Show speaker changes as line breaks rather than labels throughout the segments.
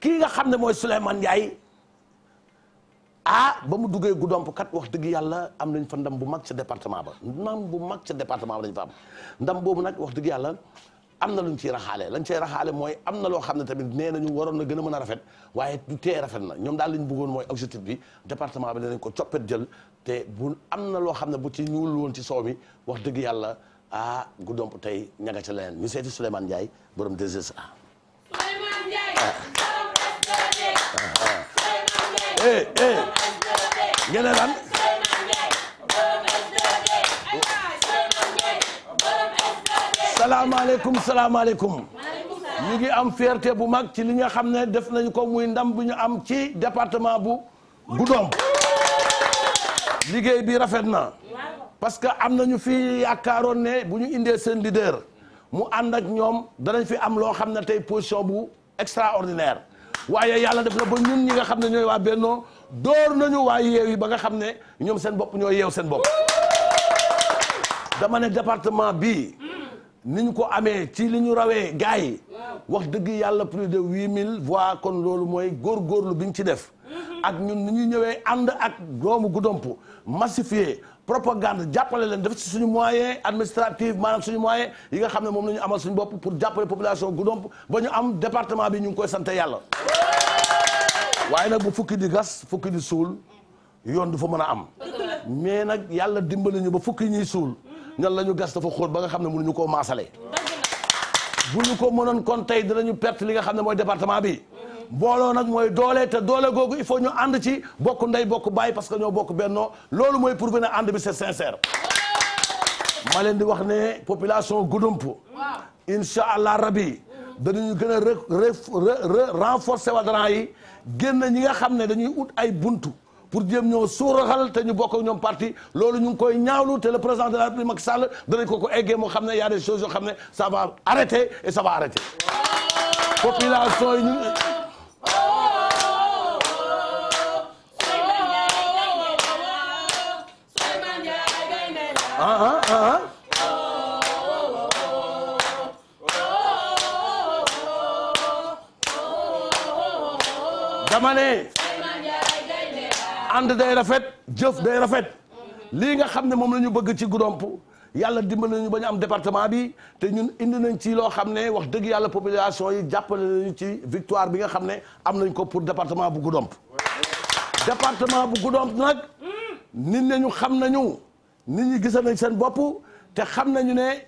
kii nga xam ne mooy Souleymane Ndiaye ah ba mu duggee Goudomp kat wax dëgg yàlla am nañ fa ndam bu mag ca département ba ndam bu mag ca département ba lañ fa am ndam boobu nag wax dëgg yàlla am na luñ ciy raxaale lañ cay raxaale mooy am na loo xam ne tamit nee nañu waroon na gën a mën a rafet waaye du tee rafet na ñoom daal li ñu bëggoon mooy objectif bi département bi dinañ ko coppet jël te bu am na loo xam ne bu ci ñuul woon ci soow mi wax dëgg yàlla ah Goudomp tey ña nga ca leneen ñu seeti Souleymane Ndiaye borom 2STV. eh eh ngeen ne lan. salaamaaleykum ñu ngi am fierté bu mag ci li nga xam ne def nañu ko muy ndam bu ñu am ci département bu Goudomp liggéey bi rafet na parce que am na ñu fi yaakaaroon ne bu ñu indee seen leader mu ànd ak ñoom danañ fi am loo xam ne tey position bu extraordinaire waaye yàlla def na ba ñun ñi nga xam ne ñooy waa bennoo door nañu waa yeew yi ba nga xam ne ñoom seen bopp ñoo yeew seen bopp dama ne département bi ni ko amee ci li ñu rawee gars yi wax dëgg yàlla plus de huit mille voix kon loolu mooy góor góorlu bi ñu ci def ak ñun nu ñuy ñëwee ànd ak doomu Goudomp massifier propagande jàppale leen def ci suñu moyen administratif maanaam suñu moyen yi nga xam ne moom la ñu amal suñu bopp pour jàppale population Goudomp ba ñu am département bi ñu ngi koy sante yàlla waaye nag bu fukki di gas fukki di suul yoon du fa mën a am mais nag yàlla dimbali ñu ba fukki ñuy suul ñan lañu ñu gas dafa xóot ba nga xam ne mënuñu koo maasale bu ñu ko mënoon kon tey dinañu perte li nga xam ne mooy département bi mbooloo nag mooy doole te doole googu il faut ñu ànd ci bokk ndey bokk bàyyi parce que ñoo bokk bennoo loolu mooy prouver ne ànd bi c'est sincère ma leen di wax ne population Goudomp incha allah rabi mm-hmm. danañu gën a re renforcer wadran yi génn ñi nga xam ne dañuy ut ay buntu pour jéem ñoo suuraxal te ñu bokk ñoom parti loolu ñu ngi koy ñaawlu te le président de la République Macky Sall danañ ko ko eggee moo xam ne y a des choses yoo xam ne ça va arrêter et ça va arrêter ah dama ne ànd day rafet jëf day rafet lii nga xam ne moom la ñu bëgg ci Goudomp yàlla dimbali nañu ba ñu am département bi te ñun indi nañ ci loo xam ne wax dëgg yàlla population yi jàppale nañu ci victoire bi nga xam ne am nañ ko pour département bu Goudomp département bu Goudomp nag nit nañu xam nañu nit ñi gisal nañ seen bopp te xam nañu ne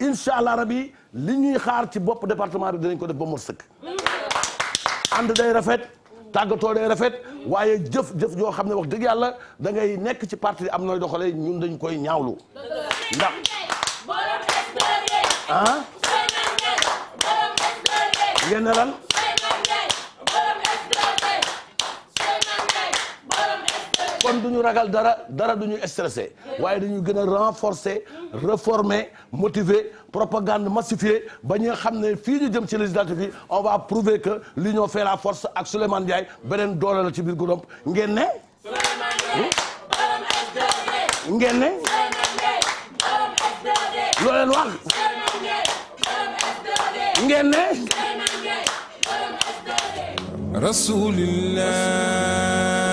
incha allah rabi li ñuy xaar ci bopp département bi dinañ ko def ba mot sëkk. day rafet. tàggatoo day rafet. waaye jëf jëf yoo xam ne wax dëgg yàlla dangay nekk ci parti am nooy doxalee ñun dañ koy ñaawlu. ndax. ñoom du ñu ragal dara dara du ñu stressé waaye dañu gën a renforcer réformer motiver propagande massifiée ba ñu xam ne fii ñu jëm ci législative yi on va prouver que l'union fait la force ak Souleymane Ndiaye beneen doole la ci biir guddoom ngeen ne. Hmm? ngeen ne. loo leen wax. ngeen ne. rasulillah.